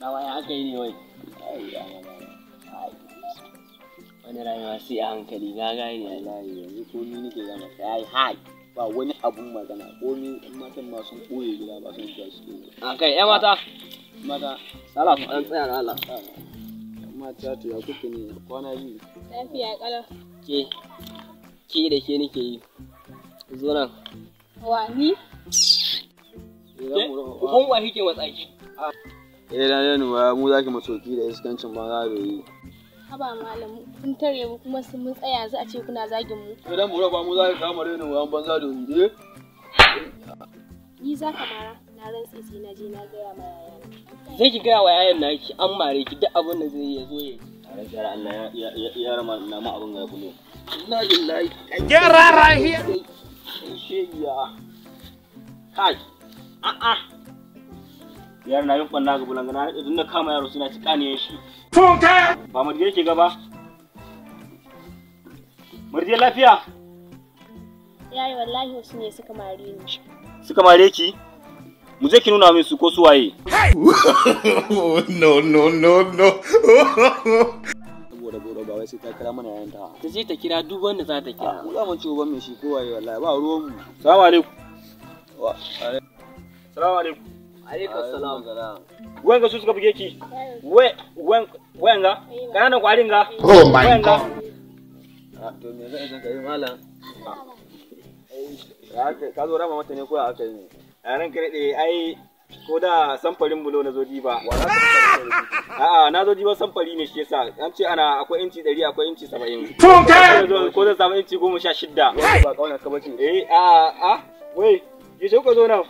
Dawa ya aka yi ne wai. Wani rayuwa sai a hankali ga na gane wallahi yanzu komi nake gama sai hai ba wani abun magana komi matan ma sun koye gida ba sun shiga su. A ah, kai ya mata. Mata. Sala ku ɗan tsaya na Allah. Mata to ya kuke ne kwana biyu. Lafiya kala Ke ke da ke nake yi. Zo nan. wani ni? Eh, Kun wa kike matsaki. eh na yanuwa mu zaki masoki da iskancin banza da yi haba malam kun tare mu kuma sun mun tsaya yanzu a ce kuna zagin mu idan eh, mu raba mu za ka kama renin wa banza da yi eh ni za ka mara na rantsi sai na je na gaya ma yayan zai ki gaya wa yayan naki an mare ki duk abin da zai yi ya zo ya yi gyara Allah ya ya rama na ma abin ga kulo inna lillahi gyara rahiya shegiya kai a'a yaro na yin ɓanna ga bulangana idan na kama yaro suna ci kaniyan shi. Tunka! Ba marje ke gaba. Marje lafiya. Yayi wallahi wasu ne suka mare ni. Suka mare ki? Mu je ki nuna min su ko su waye. No no no no. Saboda goro ba wai sai ta kira mana yayin ta. Ta je ta kira duk wanda za ta kira. Ku za ci uban mai shi ko waye wallahi ba ruwan mu. Assalamu alaikum. Wa alaikum. Assalamu alaikum. Wanga su suka buge ki. Wanga? Kananan kwarin ga? Oh my god. Ah, to me za a ah. Ka zo rama mata ne ko aka yi. A ran kare ɗaya ai ko da samfarin bulo na zo diba. A'a na zo diba samfari ne shi yasa an ce ana akwai inci 100 akwai inci 70. Ko zan samu inci 16. Ba kauna ka bace. Eh a'a a ah, wai so ka zo nan.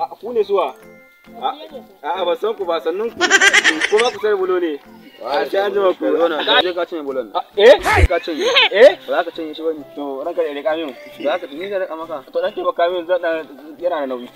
A ku ne suwa? A ba san ku ba sannan ku kuma ku sai bulo ne. A sai an jima ku zauna. Je ka cinye bulon. Eh? Ka cinye. Eh? Ba za ka cinye shi bane. To ranka da rika min. Za ka ni da rika maka. To dan ke ba kamin zan yana da nauyi.